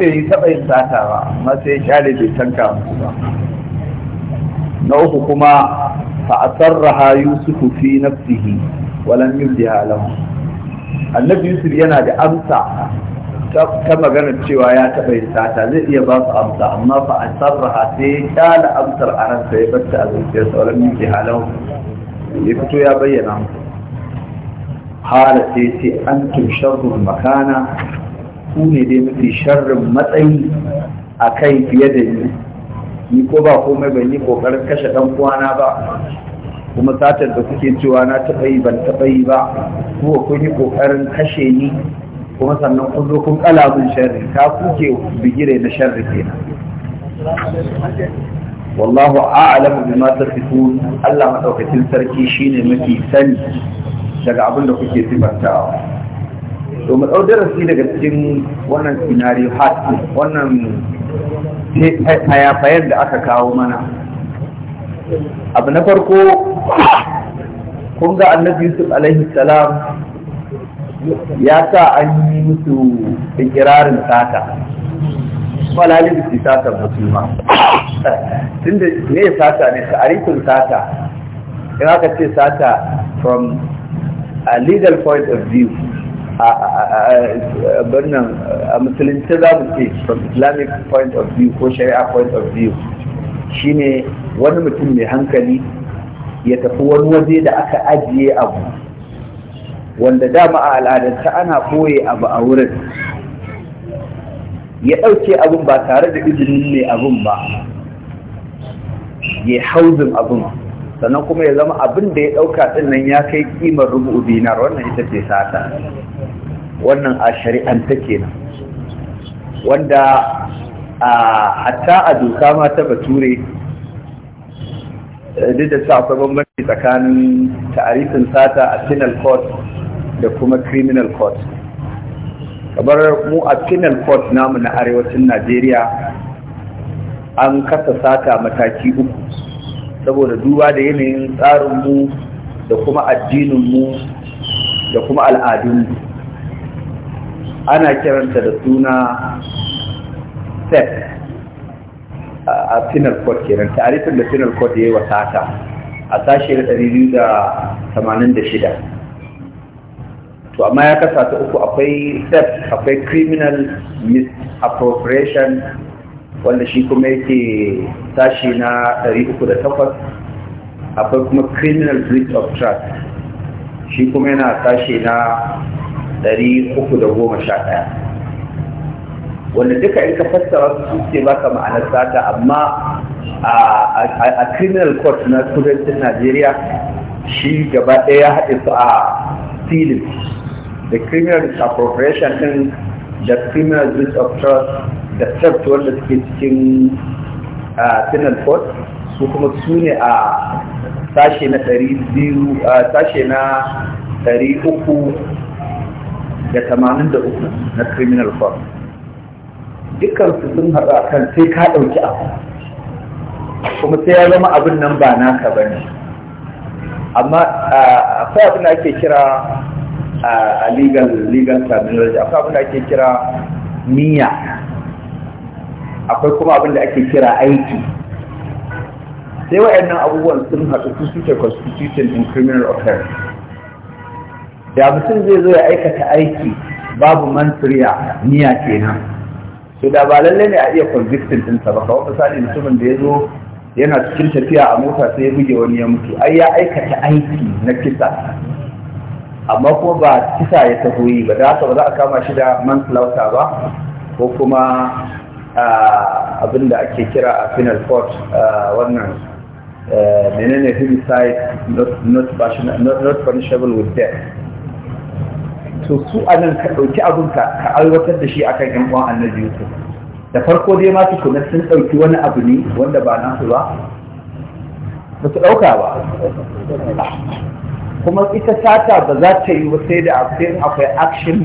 bai taɓa yin sata ba amma sai share bai tanka musu ba na uku kuma fa asarraha yusufu fi nafsihi walam yubdiha lahu annabi yusuf yana da amsa ta magana cewa ya taɓa yin sata zai iya ba su amsa amma fa asarraha sai ya kyala amsar a ransa ya bar ta a zuciyarsa yin yubdiha lahu ya fito ya bayyana musu قال سيتي أنتم شر مكانا ku ne dai mafi sharrin matsayi a kai fiye da ni ni ko ba komai ban yi kokarin kashe dan uwana ba kuma satar da kuke cewa na taɓa yi ban taɓa yi ba kuma kun yi kokarin kashe ni kuma sannan kun zo kun kala min sharri ka kuke bigire na sharri kenan wallahu a'lamu bima tasifun Allah madaukakin sarki shine mafi sani daga abin da kuke sifantawa to mu ɗau darasi daga cikin wannan scenario hat wannan hayafayen da aka kawo mana abu na farko kun ga annabi yusuf alaihi salam ya sa an yi musu ikirarin sata falali da sata musulma tun da ne sata ne ta'arifin sata in aka ce sata from a legal point of view a birnin a musulunci za mu ce from islamic point of view ko shari'a point of view shine wani mutum mai hankali ya tafi wani waje da aka ajiye abu wanda dama a al'adarta ana koye abu a wurin ya ɗauke abin ba tare da izinin mai abin ba ya hauzin abin sannan kuma ya zama abin da ya ɗauka ɗin nan ya kai ƙimar rubu dinar wannan ita ce sata wannan a shari'anta kenan wanda a hatta a doka ma ta bature eh, duk da su akwai bambanci tsakanin ta'arifin sata a penal court da kuma criminal court kamar mu a penal court namu na arewacin najeriya an kasa sata mataki uku saboda duba da yanayin tsarinmu da kuma addininmu da kuma al'adunmu ana kiranta da suna set a penal court kenan tarifin da penal court ya yi wa a sashe da 286 to amma ya kasa ta uku akwai set akwai criminal misappropriation wanda shi kuma yake sashi na 308 akwai kuma criminal breach of trust shi kuma yana sashi na 311 wanda duka in ka fassara su ce baka ma'anar sata amma a criminal court na kudancin najeriya shi gaba ɗaya ya haɗe su a filin The criminal appropriation ɗin the criminal breach of trust da theft wanda suke cikin a penal court su kuma su ne a sashe na ɗari biyu a sashe na ɗari uku da tamanin da uku na criminal court dukansu sun haɗu a kan sai ka ɗauki abu kuma sai ya zama abin nan ba naka ba ne amma akwai abin da ake kira a legal legal terminology akwai abin da ake kira niyya akwai kuma abin da ake kira aiki sai wa'annan abubuwan sun haɗu su suke constitution in criminal offense da mutum zai zo ya aikata aiki babu mantriya niyya kenan to da ba lalle ne a iya convicting ɗinsa ba kawai misali mutumin da ya zo yana cikin tafiya a mota sai ya buge wani ya mutu ai ya aikata aiki na kisa amma kuma ba kisa ya taho yi ba da haka ba za a kama shi da manslaughter ba ko kuma abin da ake kira a final court wannan menene homicide not punishable with death to su anan ka ɗauki abin ka aiwatar da shi akan yan uwan annabi yusuf da farko dai ma tukuna sun ɗauki wani abu ne wanda ba nasu ba ba su ɗauka ba kuma ita sata ba za ta yi sai da akwai action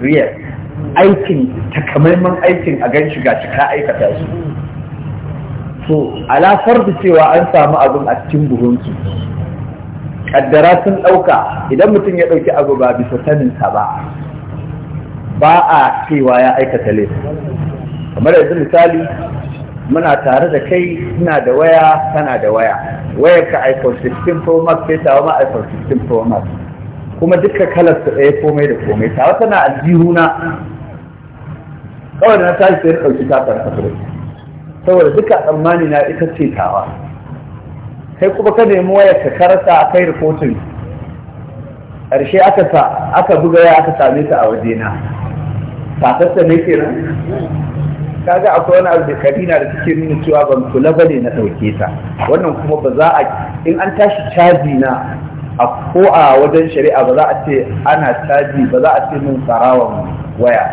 real aikin takamaiman aikin a gan shiga ka aikata su to alafar da cewa an samu abin a cikin buhunsu kaddara sun ɗauka idan mutum ya ɗauki abu ba bisa saninsa ba ba a cewa ya aikata laifi kamar yanzu misali muna tare da kai suna da waya tana da waya wayar ka iphone 16 pro max sai tawa ma iphone 16 pro max kuma duka kalar su ɗaya komai da komai tawa tana aljihuna kawai na tashi sai na ɗauki takar asirin saboda duka tsammani na ita ce tawa kai kuma ka nemi wayar ka karasa a kai rikotin ƙarshe aka buga ya aka same ta a waje na tatarsa ne kenan kaga akwai wani abu da kadina da suke nuna cewa ban kula ba ne na ɗauke ta wannan kuma ba za a in an tashi caji na a ko a wajen shari'a ba za a ce ana caji ba za a ce min tsarawan waya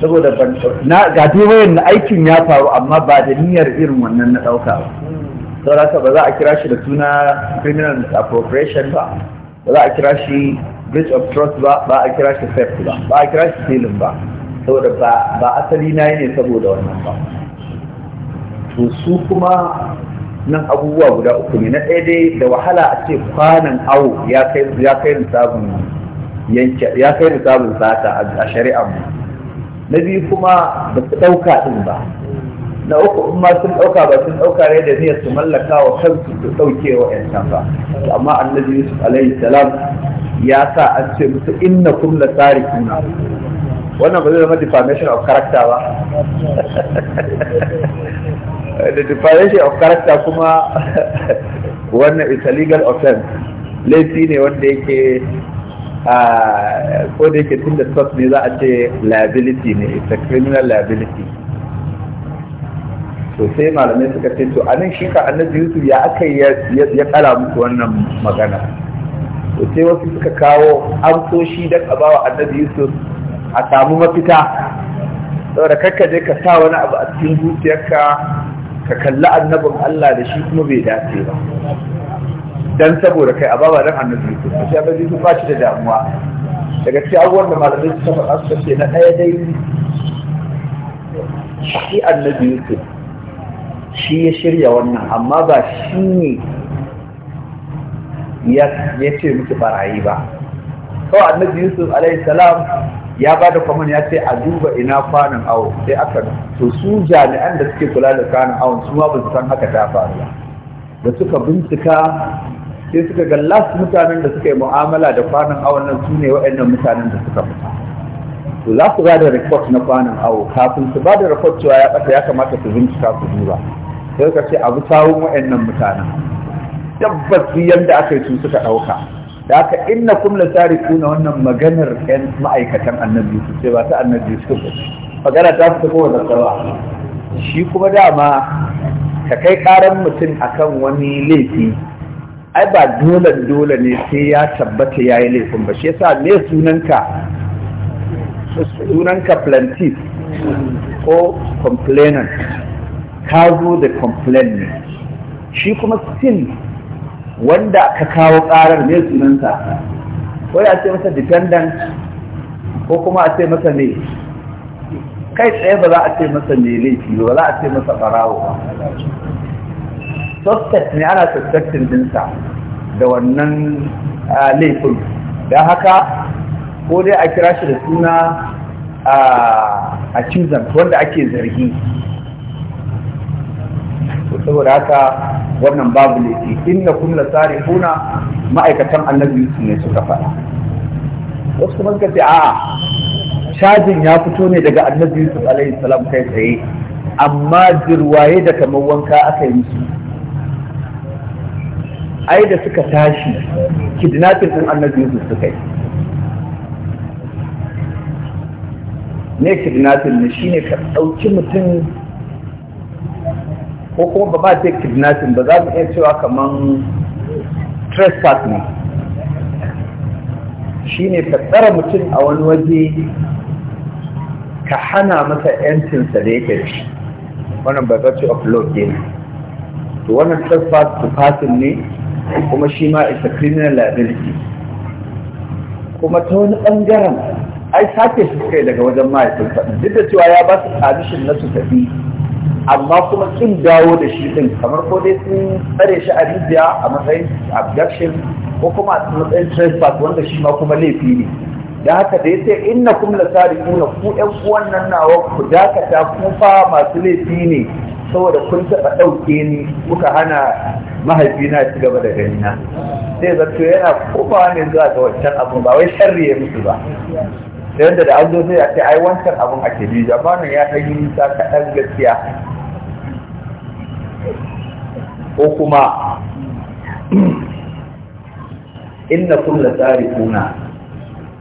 saboda ban na ga wayan na aikin ya faru amma ba da niyyar irin wannan na ɗauka ba saboda haka ba za a kira shi da suna criminal appropriation ba ba za a kira shi breach of trust ba ba a kira shi theft ba ba a kira shi stealing ba saboda ba asali na yi ne saboda wannan ba to su kuma nan abubuwa guda uku ne na ɗaya dai da wahala a ce kwanan awo ya kai nisabin sata a shari'ar mu na biyu kuma ba su ɗauka ɗin ba na uku in ma sun ɗauka ba sun ɗauka ne da niyyar su mallaka wa kansu su ɗauke wa ƴan ba amma annabi yusuf alaihi salam ya sa an ce musu inna kum la tarikuna wannan ba zai zama defamation of character ba da defamation of character kuma wannan is a legal offense laifi ne wanda yake ko da yake tun da ne za a ce liability ne it's a criminal liability to sai malamai suka ce to anan shi ka annabi yusuf ya aka ya kara musu wannan magana to sai wasu suka kawo amsoshi da a bawa annabi yusuf a samu mafita saboda kakka je ka sa wani abu a cikin zuciyarka ka kalli annabin allah da shi kuma bai dace ba dan saboda kai a baba dan annabi su shi annabi su ba shi da damuwa daga cikin abubuwan da malamai suka faɗa su ce na ɗaya dai shi annabi yusuf shi ya shirya wannan amma ba shi ne ya ce miki barayi ba kawai annabi yusuf alaihi salam ya ba da kwaman ya ce a duba ina kwanan awo sai aka to su jami'an da suke kula da kwanan awon su ma ba su san haka ta faru ba da suka bincika sai suka ga last mutanen da suka yi mu'amala da kwanan awon nan su ne waɗannan mutanen da suka fita to za su ba da report na kwanan awo kafin su ba da report cewa ya ɓata ya kamata su bincika su duba sai suka ce abu sawun waɗannan mutanen tabbas yadda aka yi su suka ɗauka da haka inna kum la na wannan maganar yan ma'aikatan annabi su ce ba ta annabi su ba magana ta fi kowa da sarwa shi kuma dama ka kai ƙaran mutum akan wani laifi ai ba dole dole ne sai ya tabbata ya yi laifin ba shi yasa me sunanka sunanka plaintiff ko complainant ka zo da complain ne shi kuma sin wanda ka kawo karar me sunanka. ko ya ce masa dependent ko kuma a ce masa ne kai tsaye ba za a ce masa ne laifi ba za a ce masa farawo ba suspect ne ana suspectin dinsa da wannan laifin Da haka ko dai a kira shi da suna a cizon wanda ake zargi saboda haka wannan babu laifi na kun tsari kuna ma'aikatan annabi Yusuf ne suka faɗa wasu kuma suka ce a'a cajin ya fito ne daga annabi Yusuf alaihi salam kai tsaye amma jirwaye da kamar wanka aka yi musu ai da suka tashi kidnapping din annabi Yusuf suka yi ne kidnapping ne shine ka ɗauki mutum ko kuma ba ba ce kidnapping ba za mu iya cewa kaman trespass ne shine ka tsara mutum a wani waje ka hana masa yancinsa da yake shi wannan ba za ce upload ne to wannan trespass to passing ne kuma shi ma isa criminal liability kuma ta wani ɓangaren ai sake su kai daga wajen mahaifinsa duk da cewa ya ba su permission na su tafi amma kuma kin dawo da shi din kamar ko dai sun tsare shi a rijiya a matsayin abduction ko kuma a matsayin trespass wanda shi ma kuma laifi ne da haka da ya ce inna kum la sariquna ku ƴan uwan nan nawa ku dakata ku fa masu laifi ne saboda kun taɓa ɗauke ni kuka hana mahaifina ci gaba da ganina sai zato yana kofawa ne zuwa ga wancan abin ba wai sharri ya musu ba da yadda da an zo zai a ce ai wancan abin a kebi jamanin ya ɗan yi nisa kaɗan gaskiya ko kuma inna kulla tsari kuna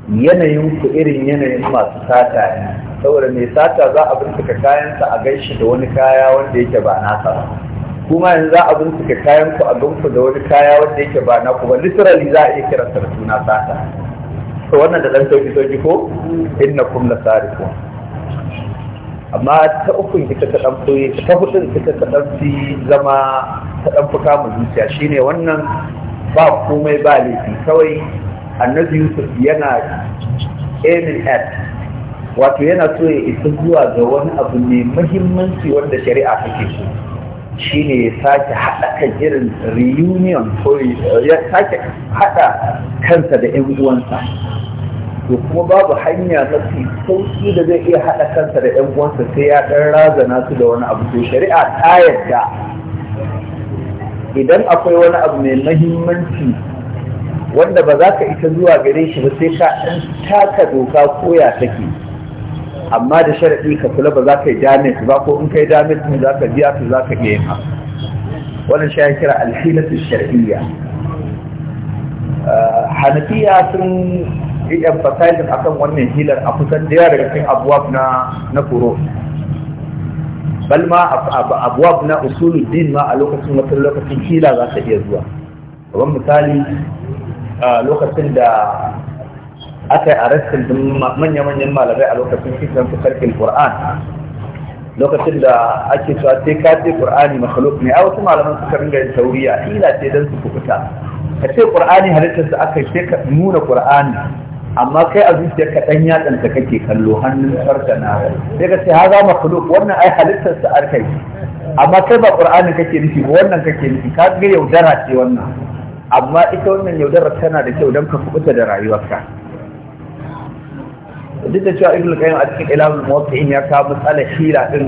yanayin ku irin yanayin masu sata ne saboda mai sata za a bincika kayansa a gaishe da wani kaya wanda yake ba nasa ba kuma yanzu za a bincika kayanku a ganku da wani kaya wanda yake ba na ku ba literally za a iya kira sa da suna sata to wannan da dan sauki sauki ko kum la sariku amma ta uku ita ta dan ta hudu ita ta dan fi zama ta dan fuka mu zuciya shine wannan ba komai ba laifi kawai annabi yusuf yana aiming at wato yana so ya isa zuwa ga wani abu mai muhimmanci wanda shari'a take so shi ne ya sake haɗa kan irin reunion ko ya sake haɗa kansa da 'yan uwansa to kuma babu hanya mafi sauki da zai iya haɗa kansa da 'yan uwansa sai ya ɗan razana su da wani abu to shari'a ta yadda idan akwai wani abu mai muhimmanci wanda ba za ka isa zuwa gare shi ba sai ka ɗan taka doka koya take amma da sharaɗi ka kula ba za ka yi su ba ko in ka yi damage ne za ka biya su za ka iya yin wannan shi kira alhilatu shar'iyya ah, hanafiya sun yi emphasizing akan wannan hilar a kusan da yawa daga cikin abuwab na na Bal ma abuwab na usuluddin ma a lokacin wata lokacin hila za ka iya zuwa kamar misali ah, lokacin da aka yi arrestin manya-manyan malamai a lokacin kisan su karfin Qur'an lokacin da ake cewa sai ka ce Qur'ani makhluk ne a wasu malaman suka ringa yin tauriya ila ce dan su kubuta ka ce Qur'ani halittar da aka ce ka nuna Qur'ani amma kai a zuciyar ka dan yatsan ta kake kallo hannun farka na sai ka ce haza makhluk wannan ai halittar sa aka yi amma kai ba Qur'ani kake nufi ba wannan kake nufi ka ga yaudara ce wannan amma ita wannan yaudara tana da kyau don ka kubuta da rayuwarka duk da cewa ibnu qayyim a cikin ilamul muwaqqi'in ya kawo matsalar hira din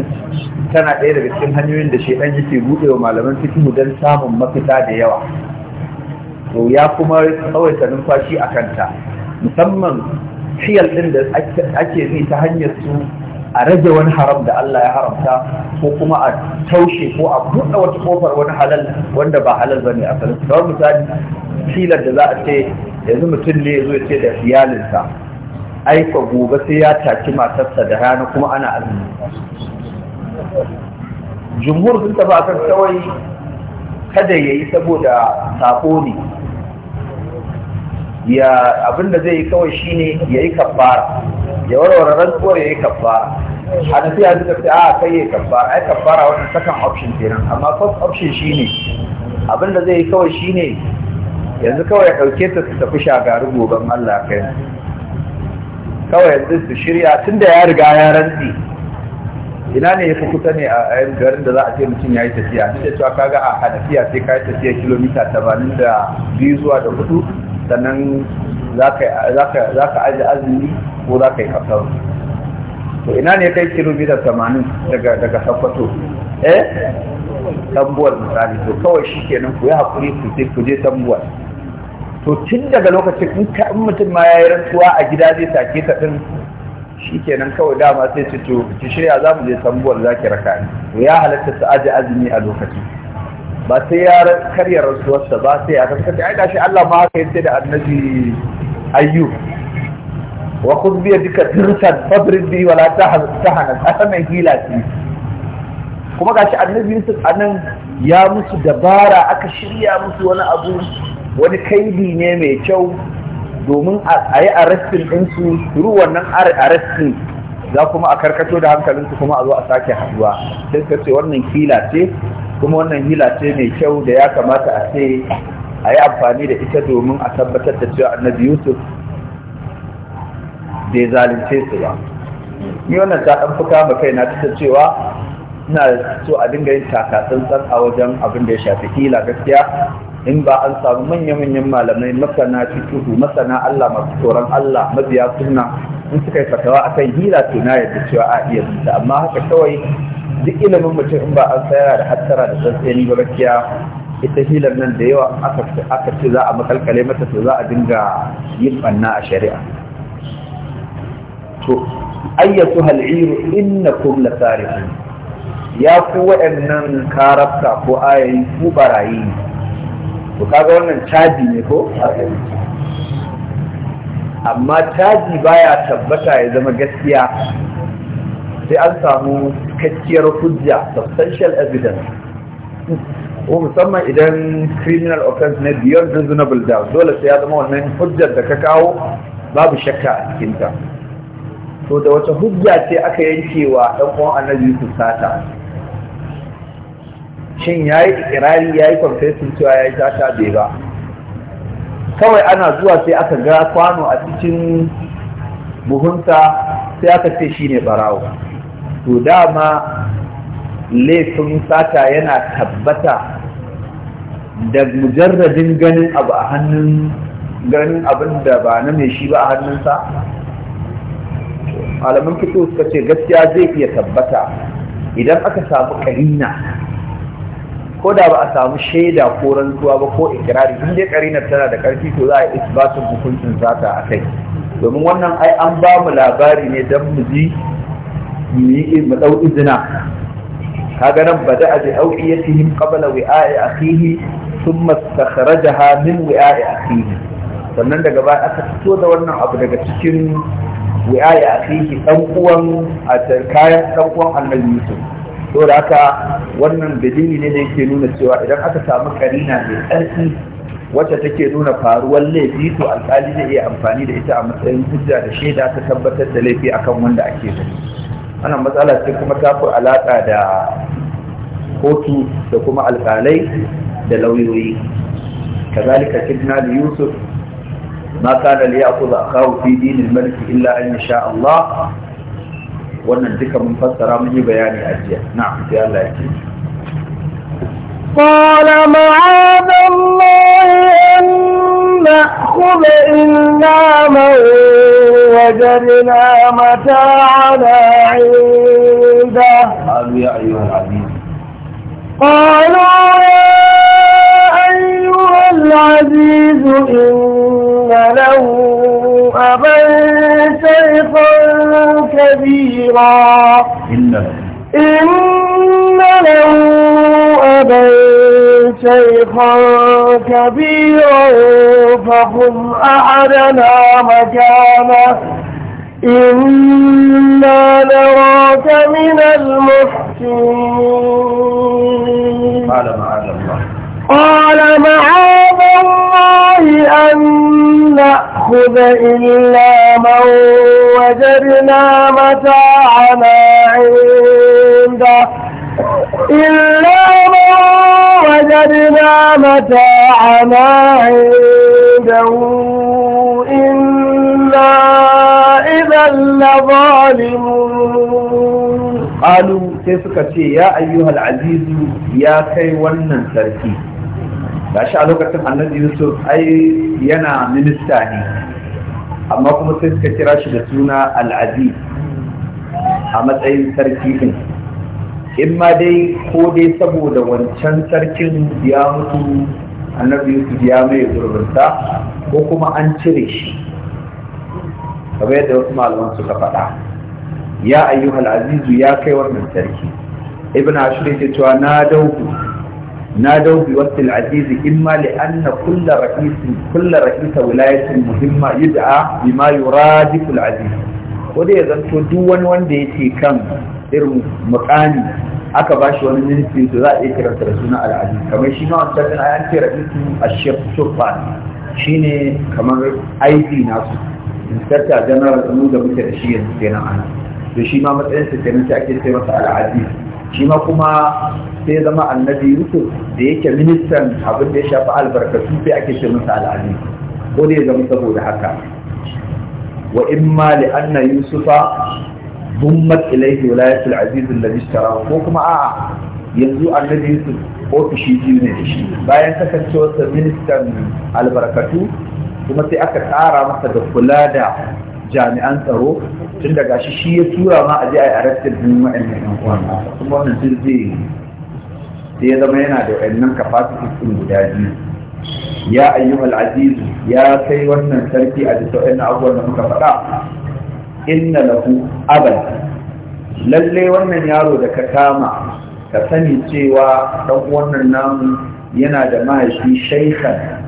tana ɗaya daga cikin hanyoyin da shedan yake buɗe wa malaman fiqh don samun mafita da yawa to ya kuma tsawaita numfashi a kanta musamman fiyal din da ake bi ta hanyar su a rage wani haram da Allah ya haramta ko kuma a taushe ko a buɗe wata kofar wani halal wanda ba halal bane a salon misali filar da za a ce yanzu mutum ne ya zo ya ce da iyalinsa aika gobe sai ya taci matarsa da rana kuma ana azumi jumhur sun tafi kan kawai kada ya yi saboda sako ne ya abinda zai yi kawai shine ya yi kabbara ya warware rantsuwar ya yi kabbara a nasiya suka ce a kai ya yi kabbara ai kabbara wata sakan option kenan amma first option shine abinda zai yi kawai shine yanzu kawai ya ɗauke ta su tafi shagaru goben Allah kai kawai yanzu su shirya tun da ya riga ya rantsi ina ne ya fi kusa ne a yan garin da za a ce mutum ya yi tafiya duk da cewa kaga a hadafiya sai ka yi tafiya kilomita tamanin da biyu zuwa da hudu sannan za ka aji azumi ko za ka yi kasar to ina ne kai kilomita tamanin daga sakwato eh tambuwar misali to kawai shi kenan ku yi haƙuri ku je tambuwar to tun daga lokacin in ka in mutum ma yayi rantsuwa a gida zai sake ta din shikenan kawai dama sai ce to ki shirya za mu je tambuwar zaki raka ni to ya halatta su aje azumi a lokacin ba sai ya karya sa ba sai ya kaskata ai gashi Allah ma haka yace da annabi ayyub wa khud bi yadika dirsan fadrib bi wala tahana asaman hila ce kuma gashi annabi sun anan ya musu dabara aka shirya musu wani abu wani kaidi ne mai kyau domin a yi arrestin ɗinsu turu wannan arrestin za kuma a karkato da hankalinsu kuma a zo a sake haduwa sai ka ce wannan hila ce kuma wannan hila ce mai kyau da ya kamata a ce a yi amfani da ita domin a tabbatar da cewa annabi yusuf bai zalunce su ba ni wannan ta ɗan fuka ma na ta cewa ina so a dinga yin takatsantsan a wajen abin da ya shafi hila gaskiya in ba an samu manya-manyan malamai masana tutu masana Allah masu tsoron Allah mabiya suna in suka yi fatawa akan hila to na yadda cewa a iya zuta amma haka kawai duk ilimin mutum in ba an tsaya da hattara da tsantsani ba gaskiya ita hilar nan da yawa aka ce za a makalkale mata to za a dinga yin banna a shari'a to ayyatu hal'iru innakum lasarifun ya ku waɗannan karabta ko ayayi ku barayi to kaga wannan caji ne ko amma caji baya tabbata ya zama gaskiya sai an samu kakkiyar hujja substantial evidence ko musamman idan criminal offense ne beyond reasonable doubt dole sai ya zama wannan hujjar da ka kawo babu shakka a cikinta to da wata hujja ce aka yankewa dan ɗan uwan annabi su sata shin ya yi ikirari ya yi confessing cewa ya yi sata bai ba kawai ana zuwa sai aka ga kwano a cikin buhunsa sai aka ce shi ne barawo to dama laifin sata yana tabbata da mujarradin ganin abu a hannun ganin abin da ba na mai shi ba a hannunsa malaman fito suka ce gaskiya zai iya tabbata idan aka samu karina ko da ba a samu shaida ko rantsuwa ba ko ikirari in dai karinar tana da karfi to za a yi isbatun hukuncin zata a kai domin wannan ai an ba mu labari ne don mu ji mu yi, mu dau izina kaga nan bada a bi auqiyatihim qabla wi'a'i akhihi thumma istakhrajaha min wi'a'i akhihi sannan daga baya aka fito da wannan abu daga cikin wi'a'i akhihi dan uwan a kayan dan uwan annabi Yusuf saboda haka wannan dalili ne da yake nuna cewa idan aka samu karina mai ƙarfi wacce take nuna faruwar laifi to alƙali zai iya amfani da ita a matsayin hujja da shaida ta tabbatar da laifi akan wanda ake da wannan matsala ce kuma ta fi alaƙa da kotu da kuma alƙalai da lauyoyi kazalika kidna da yusuf ma kana li ya'khudha akahu fi dinil malik illa an Allah wannan duka mun fassara mun yi bayani a jiya na'am sai Allah ya ce قال معاذ الله أن نأخذ إلا من وجدنا متاعنا عنده قالوا يا أيها العزيز قالوا يا أيها العزيز إن له أبا شيخا كبيرا إن له أبا شيخا كبيرا فهم أحدنا مكانه إنا نراك من المحسنين قال معاذ الله أن نأخذ إلا من وجدنا متاعنا عنده إلا من وجدنا متاعنا عنده إنا إذا لظالمون qalu sai suka ce ya ayyuhal azizu ya kai wannan sarki gashi a lokacin annabi yusuf ai yana minista ne amma kuma sai suka kira shi da suna al'aziz a matsayin sarki din in ma dai ko dai saboda wancan sarkin ya mutu annabi yusuf ya mai gurbinta ko kuma an cire shi kamar da wasu malaman suka faɗa ya ayyuhal azizu ya kai wannan sarki ibn ashur yake cewa na dauku na dauki wasu al'azizi imma li anna kulla ra'isin kulla ra'isa wilayatin muhimma yud'a bima yuradifu ko da ya zanto duk wani wanda yake kan irin mukami aka bashi wani ministry to za a iya kiranta da suna al'aziz kamar shi ma wancan din an ce ra'isin ashir turban shine kamar ID nasu inspector general mu da muke da shi yanzu kenan ana Da shi ma matsayin kenan sai ake ce masa al'aziz shi ma kuma sai zama annabi yusuf da yake ministan abin da ya shafi albarkatu sai ake ce masa al'aziz ko da ya zama saboda haka wa imma li anna yusufa bummat ilayhi wilayatul aziz alladhi ishtarahu ko kuma a'a yanzu annabi yusuf ofishi biyu ne da shi bayan kasancewarsa ministan albarkatu kuma sai aka tsara masa da kula da jami'an tsaro tun daga shi shi ya tura ma a je a yi arrestin din wa'annan yan kwana. kuma wannan sun zai sai ya zama yana da wa'annan capacity ɗin guda biyu ya ayyu al'azizu ya kai wannan sarki a bisa wa'annan abubuwan da muka faɗa inna lahu abal lalle wannan yaro da ka kama ka sani cewa ɗan wannan namu yana da mahaifi shaikhan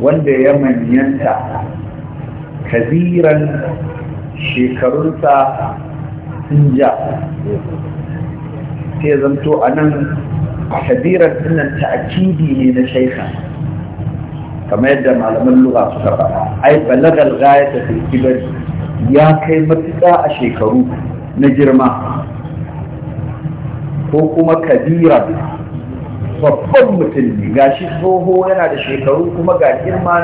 wanda ya manyanta kabiran shekarunsa sun ja sai zanto a nan kabiran sunan ta'akidi ne na shaika kamar yadda malaman lura suka faɗa ai balagal gaya ta filkibar ya kai matuƙa a shekaru na girma ko kuma kabiran babban mutum ne ga shi tsoho yana da shekaru kuma ga girma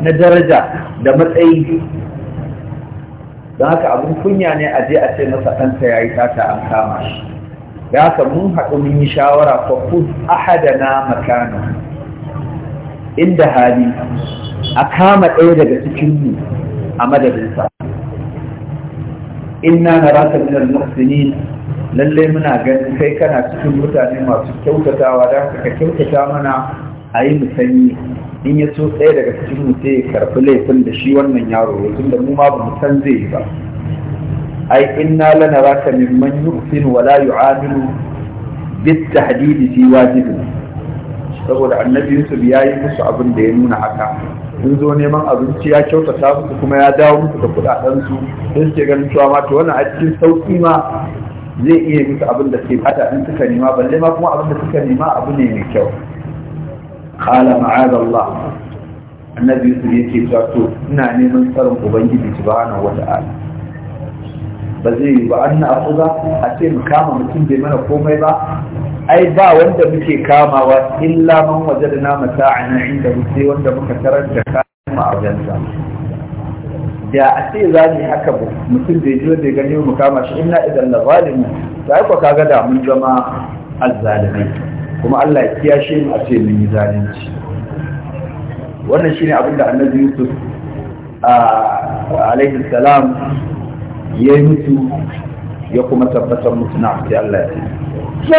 na daraja da matsayi don haka abin kunya ne a je a ce masa ɗanta ya yi tata an kama shi Ya haka mun haɗu mun yi shawara fa kus ahadana makana inda hali a kama ɗaya daga cikin mu a madadinsa inna na min minar muhsinin lallai muna ganin kai kana cikin mutane masu kyautatawa da ka kyautata mana a yi musanyi in ya so ɗaya daga cikin mutum sai ya karɓi laifin da shi wannan yaro ya da mu ma ba mu san zai yi ba ai na lana raka mimman yuqsin wa la yu'amilu bit tahdidi fi wajibi saboda annabi Yusuf ya yi musu abin da ya nuna haka sun zo neman abinci ya kyautata musu kuma ya dawo musu da kuɗaɗen su ce ganin cewa ma to wannan a cikin sauƙi ma zai iya musu abin da suke bata in suka nema balle ma kuma abin da suka nema abu ne mai kyau qala ma'az Allah annabi Yusuf yake cewa to ina neman tsaron ubangiji subhanahu wata'ala ba zai yi ba an na akuza a ce mu kama mutum bai mana komai ba ai ba wanda muke kamawa illa man waje da na mata'ana inda sai wanda muka tarar da kayan ma'ajansa da a ce za mu haka ba mutum da jiyo da gani mu kama shi inna idan na zalimu to ai ko kaga da mun zama azzalimai kuma Allah ya kiyashe mu a ce mun yi zalunci wannan shine abin da Annabi Yusuf alaihi salam ya yi mutu ya kuma tabbatar musu na sai Allah ya ce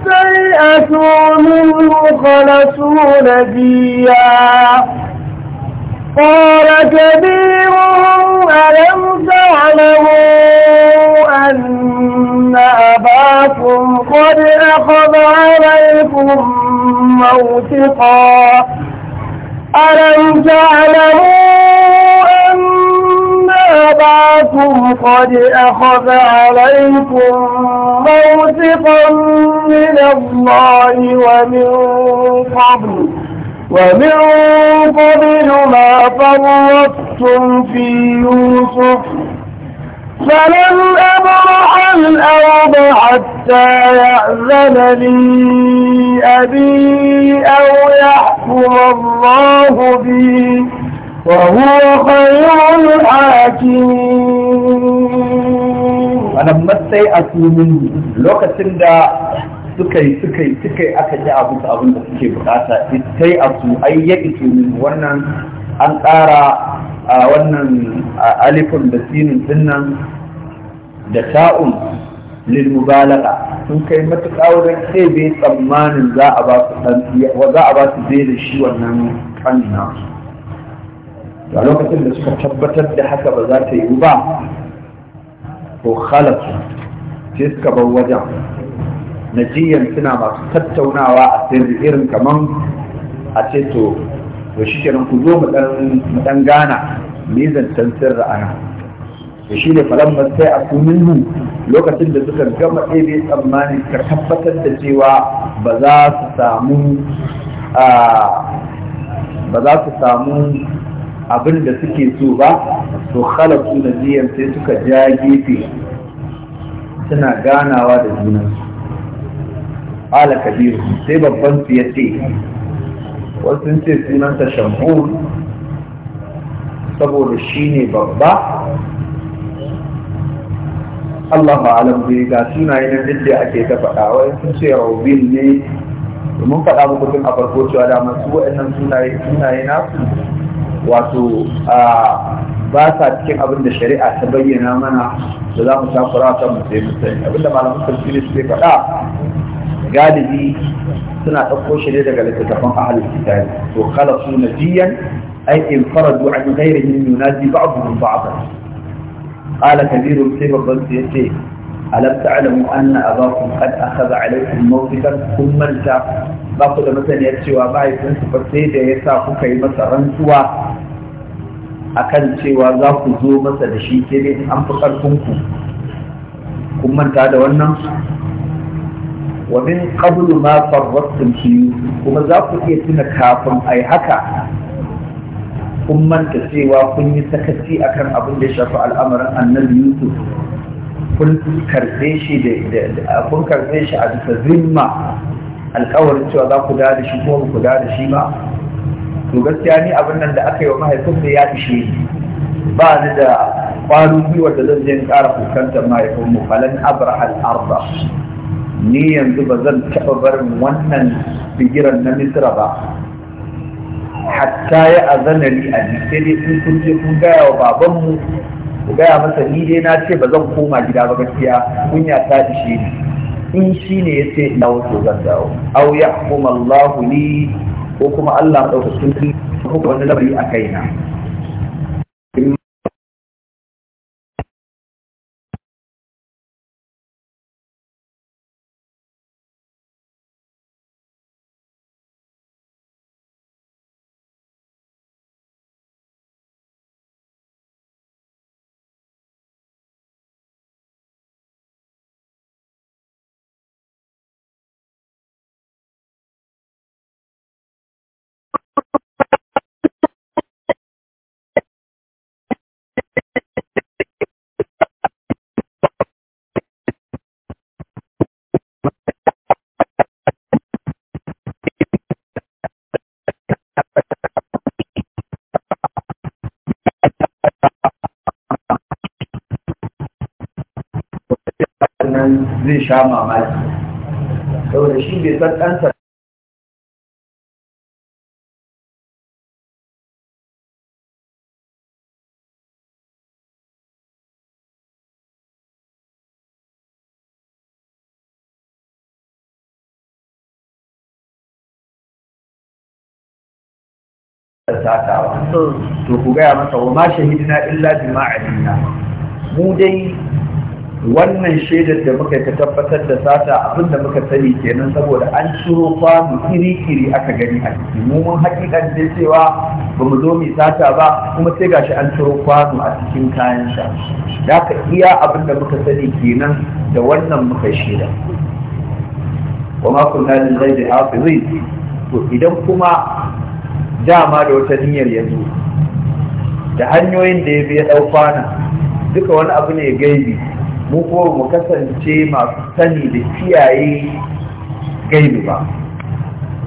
استيئسوا منه خلصوا قال كبيرهم ألم تعلموا أن أباكم قد أخذ عليكم موثقا ألم تعلموا أن أباكم قد أخذ عليكم موثقا من الله ومن قبل ومن قبل ما فرطتم في يوسف فلن أبرح الأرض حتى يأذن لي أبي أو يحكم الله بي وهو خير الحاكمين أنا متى أتي مني لوكة suka yi suka yi suka yi aka ji abin abin da suke bukata sai a su ai ya wannan an ƙara a wannan alifin da sinin dinnan da ta'un lil mubalaga sun kai matuƙa wurin sai bai tsammanin za a ba su za a ba su bai da shi wannan kanin a lokacin da suka tabbatar da haka ba za ta yiwu ba to khalatu sai suka bar wajen Na jiyan suna masu tattaunawa a sirri irin kamar a ce to da shi kenan ku zo mu dan gana mizan can sirri ana da shi ne falan sai a kuminhu lokacin da suka gama ebe tsammani ka tabbatar da cewa ba za su samu ba za su samu abin da suke so ba to khalaqu jiyan sai suka ja gefe suna ganawa da junansu ala kabiru sai babban su ya ce wasu ce sunansa shamhur saboda shi ne babba Allah ma'alam zai ga sunaye na duk da ake ta faɗa wai sun ce raubin ne domin faɗa muku tun a farko cewa da masu waɗannan sunaye sunaye nasu wato a ba sa cikin abin da shari'a ta bayyana mana da za mu takura kan mu sai mu sani abin da malamin tafsiri suke faɗa galibi suna ɗauko shi ne daga littattafan a ahalin kitabi to khalasu najiyan ay in faradu an ghairihim yunaji ba'dhum ba'dhan qala Kabiru sai babban sai yace a ta'lamu anna a qad akhadha alaykum mawqitan kun manta ba ku da masaniyar cewa ba mahaifin ku sai da ya sa kuka yi masa rantsuwa A kan cewa za ku zo masa da shi ke ne an fi karfin ku kun manta da wannan wa min qablu ma farrattum kuma za ku iya tuna kafin ai haka kun manta cewa kun yi sakaci akan abin da ya shafi al'amarin annabi Yusuf kun karbe shi a bisa zimma alƙawarin cewa za ku da da shi ko ku da da shi ba to gaskiya ni abin nan da aka yi wa mahaifin da ya ishe ni ba ni da ƙwarin wanda zan je in ƙara fuskantar mahaifin mu falan abraha al ni yanzu ba zan taɓa barin wannan bigiran na misra ba hatta ya azana li a sai dai in kun gaya wa babanmu ku gaya masa ni dai na ce ba zan koma gida ba gaskiya kunya ta ishe ni in shi ne ya ce na wato zan dawo au ya kuma Allahu li ko kuma Allah ɗaukakin labari lamari a kaina sha mamaki saboda shi bai san ɗansa satawa to ku gaya masa wa ma shahidna illa bima alimna mu dai wannan shaidar da muka ta tabbatar da sata abin da muka sani kenan saboda an ciro kwamu kiri-kiri aka gani a ciki mu mun hakikan da cewa ba mu zo mai sata ba kuma sai gashi an ciro kwano a cikin kayan sha da ka iya abin da muka sani kenan da wannan muka shaida wa ma kunna lil ghaibi to idan kuma dama da wata niyyar yanzu da hanyoyin da ya bi ya dauka kwana duka wani abu ne gaibi mu ko mu kasance masu sani da kiyaye gaibi ba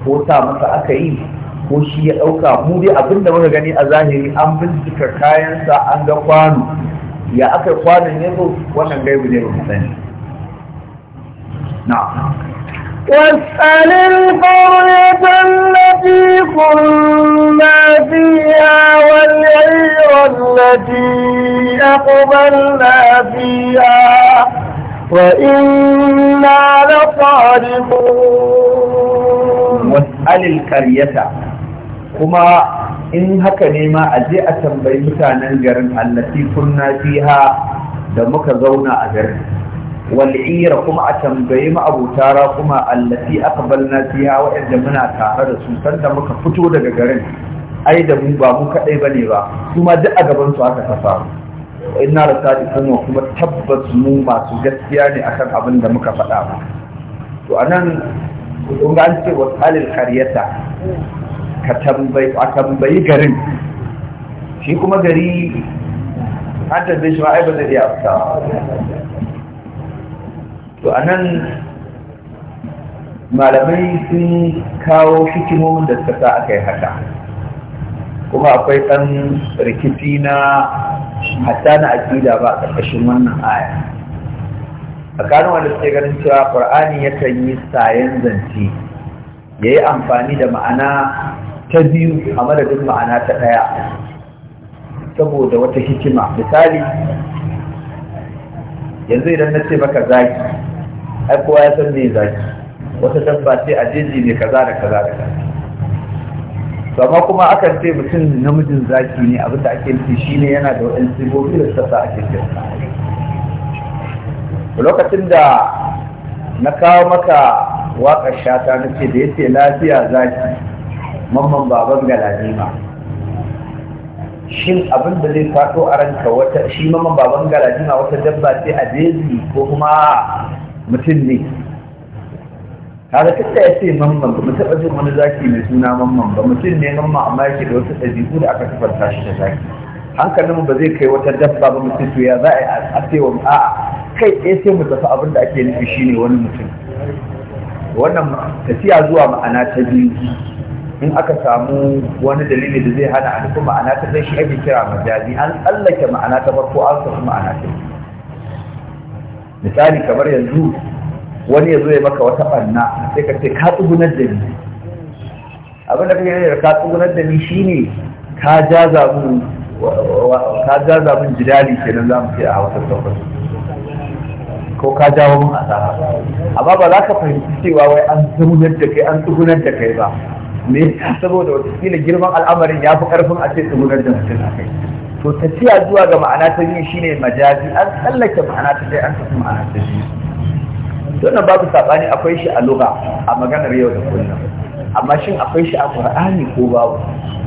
ko sa masa aka yi ko shi ya ɗauka mu dai abin da muka gani a zahiri an bincika kayansa an ga kwano ya aka kwanon ne ko wannan gaibi ne ba mu sani na واسأل القرية التي كنا فيها والعير التي أقبلنا فيها وإنا لصادقون واسأل القرية كما in haka ne ma a je a tambayi mutanen garin allati kunna fiha da muka zauna a garin wal'ira kuma a tambayi ma'abuta raƙuma allafi aka balna fiya waɗanda muna tare da su sanda muka fito daga garin ai da mu ba mu kaɗai bane ba kuma duk a gaban su aka ta faru ina da Sadi kuma tabbas mu masu gaskiya ne akan abin da muka faɗa ba to anan kun ga an ce wa qalil qaryata ka tambayi a tambayi garin shi kuma gari an da shi ba ai ba zai iya fita to a nan malamai sun kawo hikimomin da suka sa aka yi haka kuma akwai ɗan rikici na hata na aƙida ba a ƙarƙashin wannan aya tsakanin wanda suke ganin cewa ƙur'ani yakan yi sayan zance ya yi amfani da ma'ana ta biyu a madadin ma'ana ta ɗaya saboda wata hikima misali yanzu idan na ce maka zaki ai kowa ya san zaki wata dabba ce a jeji ne kaza da kaza da kaza to kuma aka ce mutum namijin zaki ne abin da ake nufi shine yana da wa'in sigobi da sassa ake kirka lokacin da na kawo maka waƙar shata na ce da ya ce lafiya zaki mamman baban galadima shin abin da zai fato a ranka wata shi mamman baban galadima wata dabba ce a jeji ko kuma mutum ne kaga tunda ya ce mamman ba mu taɓa jin wani zaki mai suna mamman ba mutum ne mamman amma yake da wasu ɗabi'u da aka sifarta shi da zaki hankalinmu ba zai kai wata dabba ba mutum to ya za a ce a'a kai ɗaya sai mu tafi abin da ake nufi shine wani mutum wannan tafiya zuwa ma'ana ta biyu in aka samu wani dalili da zai hana a nufi ma'ana ta zai shi ake kira majazi an tsallake ma'ana ta farko an samu ma'ana ta biyu misali kamar yanzu wani ya zo ya maka wata ɓanna sai ka ce ka tsugunar da ni abin da kake da ka tsugunar da ni shine ka jaza zamu ka ja zamu jidali kenan za mu ce a wata tabbas ko ka jawo mun asara amma ba za ka fahimci cewa wai an tsugunar da kai an tsugunar da kai ba saboda yasa saboda wataƙila girman al'amarin ya fi karfin a ce tsugunar da mutum a kai to tafiya zuwa ga ma'ana ta biyu shine majazi an tsallake ma'ana ta ɗaya an tafi ma'ana ta biyu nan babu sabani akwai shi a lugha a maganar yau da kullum amma shin akwai shi a ƙur'ani ko babu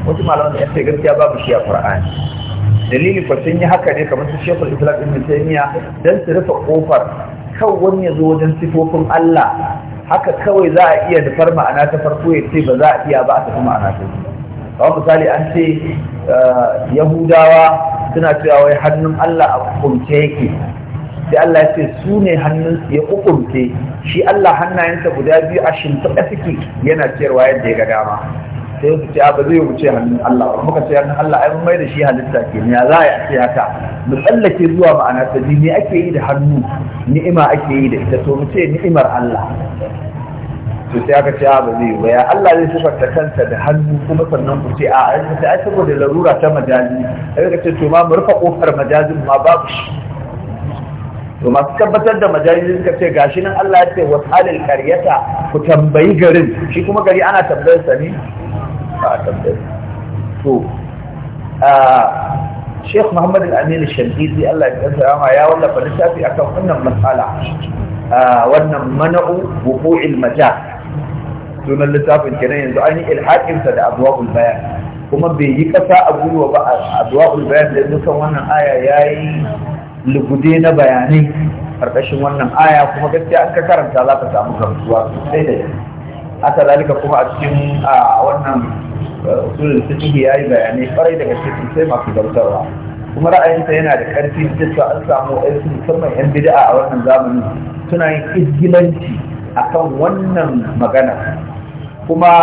wasu malaman da yake gaskiya babu shi a ƙur'ani dalili ko sun yi haka ne kamar su shekul islam ibn taymiya dan su rufe kofar kawai wani ya zo wajen sifofin Allah haka kawai za a iya nufar ma'ana ta farko ya ce ba za a iya ba a tafi ma'ana ta kamar misali an ce eh, yahudawa suna cewa wai hannun allah a kumce yake sai allah ya ce su ne hannun ya kukumce shi allah hannayensa guda biyu a shimfiɗa suke yana ciyarwa yadda ya ga dama sai su ce ba zai wuce hannun Allah ba muka ce hannun Allah ai mai da shi halitta ke ya za ya ce haka mu tsallake zuwa ma'ana ta ji me ake yi da hannu ni'ima ake yi da ita to mu ce ni'imar Allah to sai aka ce ba zai ba ya Allah zai sifarta kansa da hannu kuma sannan ku ce a ai saboda larura ta majazi sai ka ce to ma mu rufe kofar majazin ma babu shi to masu tabbatar da majalisi suka ce gashi nan Allah ya ce wa halil qaryata ku tambayi garin shi kuma gari ana tambayar sa ne ba a tambayar to Sheikh Muhammad Al-Amin Al-Shankiti Allah ya tsara ya wallafa littafi akan wannan matsala wannan mana'u wuqu'il majal sunan littafin kenan yanzu an yi ilhaqin sa da abwaul bayan kuma bai yi kasa a gwiwa ba a abwaul bayan da dukan wannan aya yayi lugude na bayanai karkashin wannan aya kuma gaskiya an ka karanta za ka samu gamsuwa sosai da a talalika kuma a cikin wannan usulul ya yi bayanai kwarai da gaske sosai masu gamsarwa kuma ra'ayinsa yana da ƙarfi cewa an samu aiki musamman yan bid'a a wannan zamanin suna yin izgilanci akan wannan magana kuma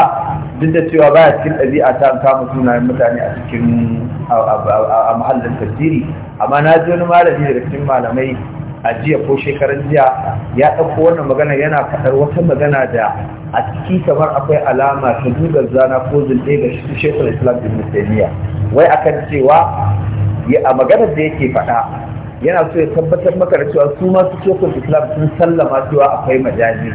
duk da cewa baya cikin ɗabi'a ta kama sunayen mutane a cikin a mahallin tasiri amma na ji wani malami daga cikin malamai a jiya ko shekaran jiya ya ɗauko wannan magana yana faɗar wata magana da a ciki kamar akwai alama ta dubar zana ko zulɗe ga shi shekul islam ibn taymiya wai akan cewa a maganar da yake faɗa yana so ya tabbatar maka da cewa su masu shekul islam sun sallama cewa akwai majaji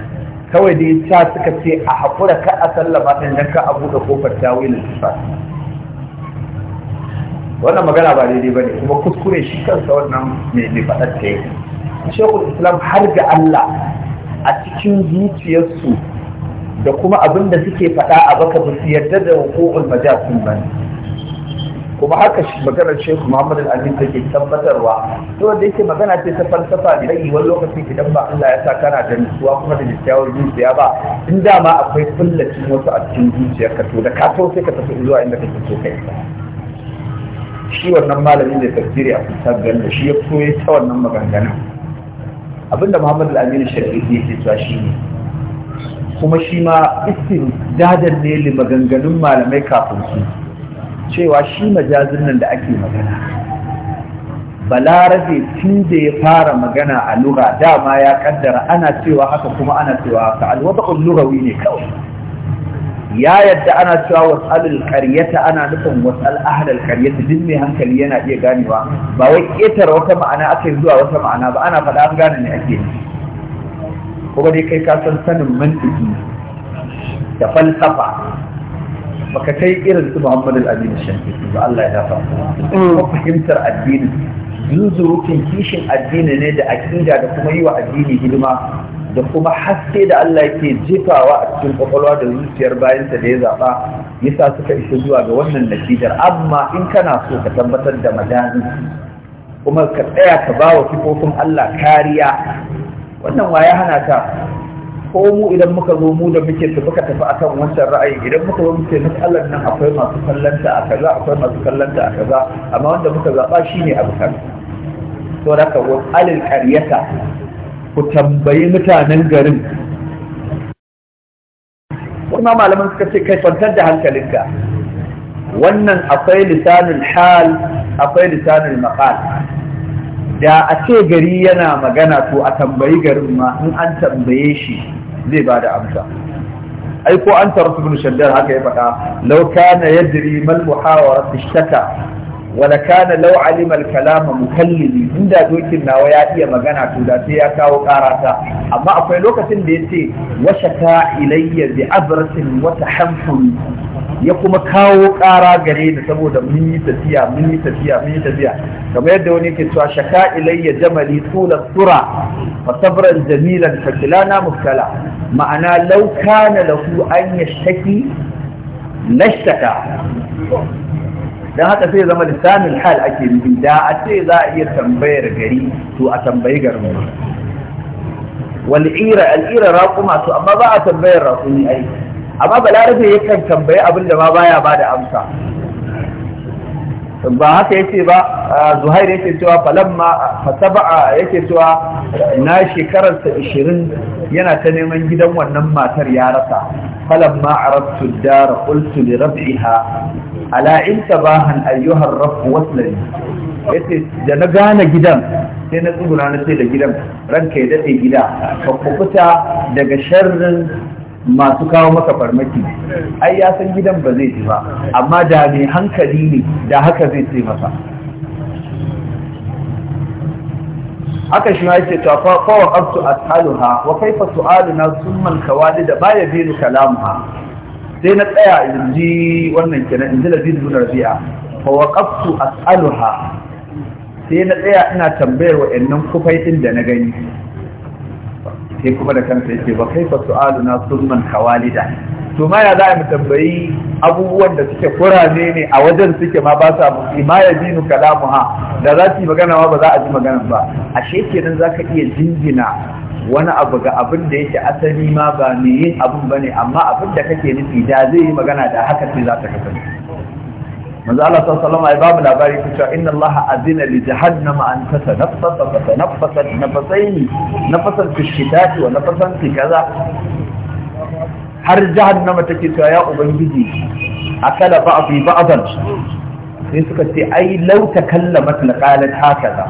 kawai dai ta suka ce a haƙura ka a sallama ɗin don ka a da kofar tawilin tufa wannan magana ba daidai ba ne kuma kuskure shi kansa wannan mai faɗar ta yi shekul islam har ga allah a cikin zuciyarsu da kuma abin da suke faɗa a baka su yarda da hukukul majal ba ne. kuma haka shi maganar shehu muhammad al-amin take tabbatarwa to da yake magana ce ta falsafa da rai wani lokaci idan ba Allah ya sa kana da nutsuwa kuma da kyakkyawar zuciya ba in dama akwai kullacin wasu a cikin ka to da ka so sai ka tafi zuwa inda kake so kai shi wannan malamin da tafsiri a kusa da shi ya so ya ta wannan maganganun abinda muhammad al-amin sharifi yake cewa shi ne kuma shi ma istin dadan ne li maganganun malamai kafin su cewa shi majazin nan da ake magana balarabe tun da ya fara magana a lura dama ya kaddara ana cewa haka kuma ana cewa haka alwada'ul lurawi ne kawai ya yadda ana cewa wasu qaryata ana nufin wasu ahlul karyata, duk mai hankali yana iya ganewa ba wai ƙetare wata ma'ana ake zuwa wata ma'ana ba ana faɗa an gane ne ake kuma dai kai ka san sanin mantiki da falsafa baka kai irin su Muhammad al-Amin Shafi'i ba Allah ya dafa kuma fahimtar addini zuzurukin kishin addini ne da aqida da kuma yi wa addini hidima da kuma haske da Allah yake jefawa a cikin kwakwalwa da zuciyar bayansa da ya zaɓa yasa suka isa zuwa ga wannan natijar amma in kana so ka tabbatar da madani kuma ka tsaya ka bawa kifofin Allah kariya wannan waya hana ta ko mu idan muka zo mu da muke su muka tafi akan wancan ra'ayi idan muka zo muke matsalar nan akwai masu kallanta a kaza akwai masu kallanta a kaza amma wanda muka zaɓa ne abu kan to da ka wasalil ƙaryata, ku tambayi mutanen garin kuma malaman suka ce kai kwantar da hankalinka wannan akwai lisanin hal akwai lisanin maqal da a ce gari yana magana to a tambayi garin ma in an tambaye shi zai ba da amsa ai ko an tarasu bin shaddar haka ya faɗa lauka na yadri mal muhawara fi shaka wala kana law alima al kalama mukallili inda dokin nawa ya iya magana to da sai ya kawo karata amma akwai lokacin da yace wa shaka ilayya bi abratin wa tahammul ya kuma kawo kara gare ni saboda mun yi tafiya mun yi tafiya mun yi tafiya kamar yadda wani ke cewa shaka ilayya jamali tula sura fa sabran jamilan fa kilana muftala ma'ana lauka na lahu an ya shaki nashtaka don haka sai zama da samun hal ake nufi da a ce za a iya tambayar gari to a tambayi garin ba wal'ira al'ira raƙuma to amma ba a tambayar raƙuni ai amma balarabe yakan tambayi abin da ma baya ba da amsa ba haka yake ba zuhair yake cewa falamma fasaba'a yake cewa na shekararsa 20 yana ta neman gidan wannan matar ya rasa falamma arabtu dara qultu li rabbiha ala inta bahan ayyuha rabb waslani yace da na gane gidan sai na tsuguna na sai da gidan ranka ya dade gida ka kubuta daga sharrin masu kawo maka farmaki ai ya san gidan ba zai ji ba amma da mai hankali ne da haka zai ce masa haka shi yake to fa fa wa abtu ataluha wa kaifa su'aluna summan kawali da baya yabinu kalamuha sai na tsaya in ji wannan kenan ji labid ibn rabi'a fa wa qaftu ataluha sai na tsaya ina tambayar wa'annan kufai din da na gani sai kuma da kansa yake ba kai fa na sunnan kawalida to ma ya za mu tambayi abubuwan da suke kurane ne a wajen suke ma ba sa musu ma ya dinu ha. da za su yi magana ma ba za a ji magana ba ashe kenan za ka iya jingina wani abu ga abin da yake asali ma ba mai yin abin ba ne amma abin da kake nufi da zai yi magana da haka sai za ta kasance manzo Allah sallallahu alaihi babu labari cewa inna Allah azina li jahannama an tatanaffasa tatanaffasa nafasaini nafasan fi shitati wa nafasan fi kaza har jahannama take cewa ya ubangiji akala ba'dhi ba'dan sai suka ce ai law takallamat laqalat hakaza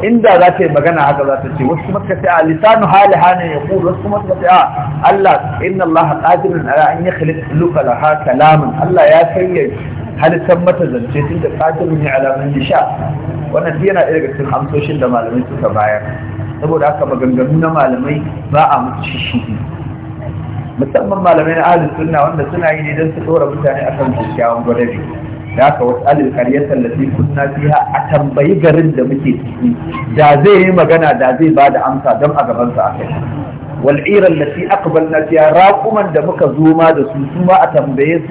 inda za ta yi magana haka za ta ce wasu kuma suka ce a lisanu hali hana ya kuru wasu kuma suka a Allah inna Allah qadirun ala an yakhluqa laha kalaman Allah ya sanya halittar mata zance tun da tsakin ne alamun nisha wannan yana ɗaya daga cikin amsoshin da malamai suka bayar saboda haka maganganu na malamai ba a mutu shishigi musamman malamai na ahlus sunna wanda suna yi ne don su ɗora mutane akan kyakkyawan gwadabi da haka wasu alil karyatar da fi kunna fiha a tambayi garin da muke ciki da zai yi magana da zai ba da amsa don a gabansa a kai والعير التي أقبلنا فيها راقما دمك زوما دسوسوما أتنبيه سو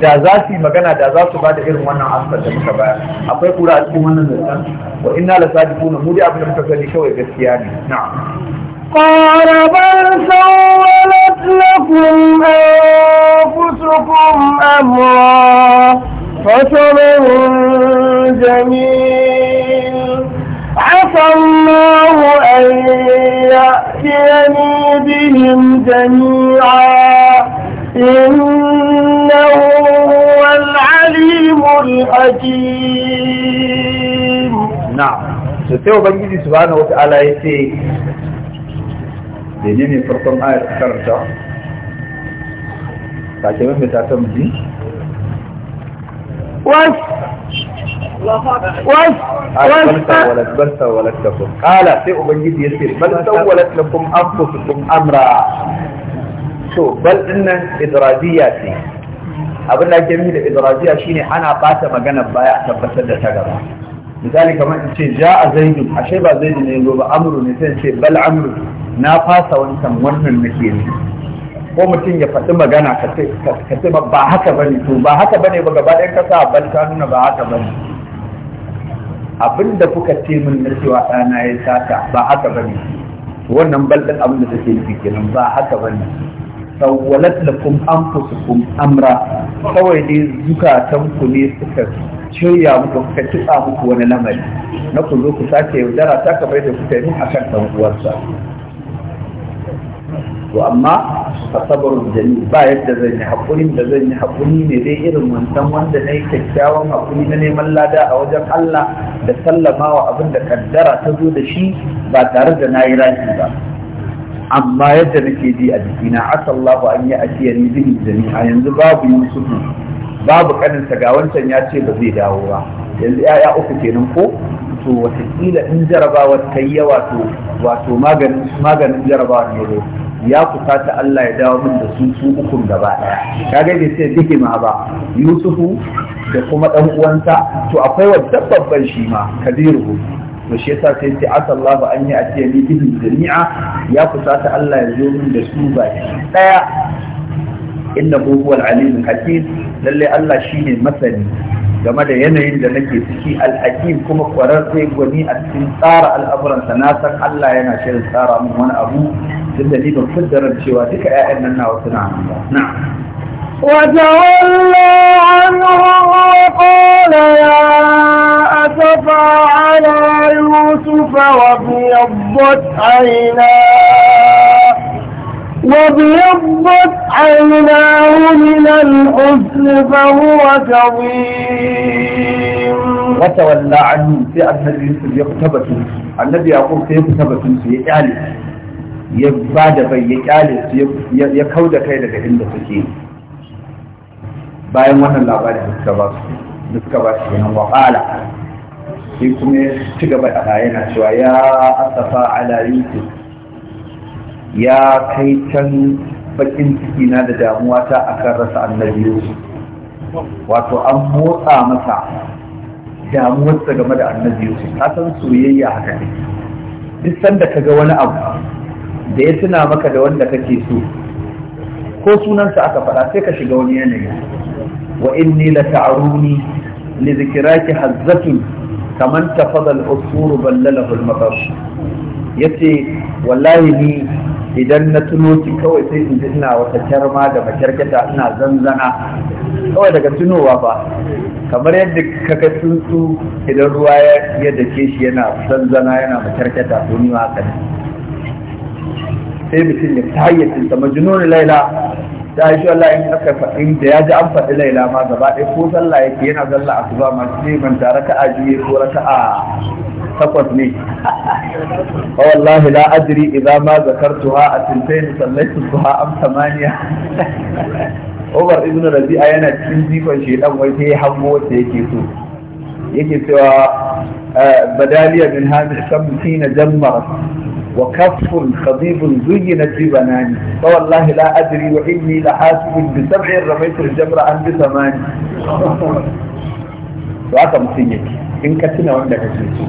جازاسي مغانا جازاسو بعد إرم وانا عصفة دمك بايا أقول قولا أتكم وانا نزل وإنا لصادقون مودي أبنى مكسني شوي بسياني نعم قال بل سولت لكم أنفسكم أمرا فصبر جميل عفى الله أن يأتيني بهم جميعا إنه هو العليم الحكيم نعم ستوى بنجي سبحانه وتعالى يسي بنيني فرطم آية كرتا فاكمن بتاتم دي واش bal sawwalat lakum qala sai ubangiji yace bal sawwalat lakum anfusukum amra to bal dinnan idradiya ce abin da ake nufi da idradiya shine ana bata magana baya a tabbatar da ta gaba misali kamar in ce ja'a zaidun ashe ba zaidun ne zo ba amru ne sai ce bal amru na fasa wancan wannan nake ne ko mutum ya faɗi magana ka ce ba haka bane to ba haka bane ba gaba ɗaya kasa bal ta nuna ba haka bane abinda kuka ce min na cewa ɗana ya sata ba haka ba ne wannan balɗin abin da take nufi kenan ba haka ba ne sawwalat lakum anfusukum amra kawai dai zukatanku ne suka shirya muku suka kitsa muku wani lamari na ku zo ku sake yaudara ta kafa da kuka yi akan ɗan uwarsa to amma fasabarun jami ba yadda zan yi haƙurin da zan yi haƙuri ne dai irin wancan wanda na yi kyakkyawan haƙuri na neman lada a wajen Allah da wa abin da kaddara ta zo da shi ba tare da na yi rashi ba amma yadda nake ji a jikina asallahu an yi ajiyar ni jami'a yanzu babu yusufu babu kaninsa ga wancan ya ce ba zai dawo ba yanzu ya'ya uku kenan ko to wataƙila in jarabawa ta yi wato maganin jarabawa ne ya kusata Allah ya dawo min da su su ukun gaba daya kaga bai sai ma ba yusufu da kuma dan uwansa to akwai wata babban shi ma kadiru to shi yasa sai sai asallahu Allah an yi atiya ni jami'a ya kusata Allah ya zo min da su ba daya innahu huwal alim hakim lalle Allah shine masani game da yanayin da nake ciki alhakim kuma kwararre gwani a cikin tsara al'amuransa na san Allah yana shirin tsara min wani abu الذي ni بشواتك fuddara cewa duka ƴaƴan nan وتولى عنه وقال يا أسفى على يوسف وابيضت عيناه وابيضت عيناه من الحزن فهو كظيم وتولى عنه في النبي يوسف يقتبس النبي يقول في يعني ya ba da bai ya kyale su ya kau da kai daga inda suke bayan wannan labarin da suka ba su da suka ba su sai kuma ya ci gaba da yana cewa ya asafa ala yusuf ya kai can bakin ciki na da damuwa ta akan rasa annabi yusuf wato an motsa masa damuwarsa game da annabi yusuf Ta san soyayya haka ne duk sanda ka ga wani abu da ya tuna maka da wanda kake so ko sunansa aka faɗa sai ka shiga wani yanayi wa inni la ta'aruni li zikraki hazzatin kaman ta al-usuru ballalahu al-matar yace wallahi ni idan na tuno ki kawai sai in ji ina wata karma da makarkata ina zanzana kawai daga tunowa ba kamar yadda kaga tsuntsu idan ruwa ya dake shi yana zanzana yana makarkata to ni ma sai mutum ya tayyacinsa majnun laila ta yi Allah in aka faɗin da ya ji an faɗi laila ma gaba ɗaya ko sallah yake yana zalla a suba ma sai man ta raka'a biyu ko a takwas ne fa wallahi la adri idza ma zakartuha a tintain sallaitu suha am samaniya Umar ibn Rabi'a yana cikin jikon shedan wai sai hango wacce yake so yake cewa eh, badaliya Hamid hadhihi na jammar وكف خضيب زينت ببناني فوالله لا أدري وإني لحاسب بسبع رميت الجمر عن بثماني وهذا مسيك إن كتنا وإن كتنا